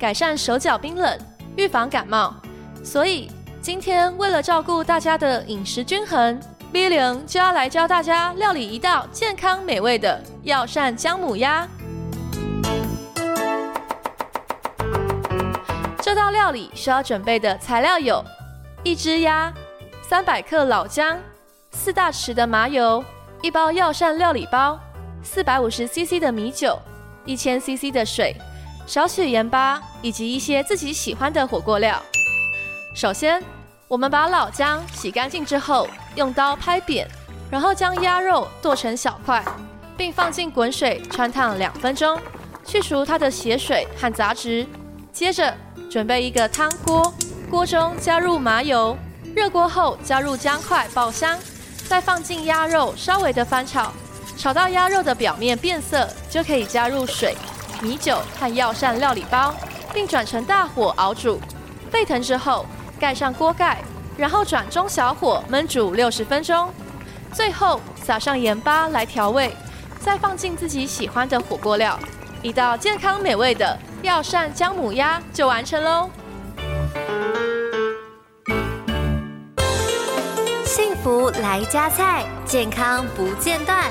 改善手腳冰冷，預防感冒，所以今天為了照顧大家的飲食均衡，B 0就要來教大家料理一道健康美味的藥膳薑母鴨。 這道料理需要準備的材料有：一隻鴨、三百克老薑、四大匙的麻油、一包藥膳料理包、四百五十 CC 的米酒、一千 CC 的水。少許鹽巴以及一些自己喜歡的火鍋料。首先，我們把老薑洗乾淨之後，用刀拍扁，然後將鴨肉剁成小塊，並放進滾水汆燙兩分鐘，去除它的血水和雜質。接着，準備一個湯鍋，鍋中加入麻油，熱鍋後加入薑塊爆香，再放進鴨肉，稍微的翻炒，炒到鴨肉的表面變色，就可以加入水、米酒和藥膳料理包，並轉成大火熬煮，沸騰之後蓋上鍋蓋，然後轉中小火燜煮六十分鐘，最後撒上鹽巴來調味，再放進自己喜歡的火鍋料，一道健康美味的藥膳薑母鴨就完成嘍！幸福來加菜，健康不間斷。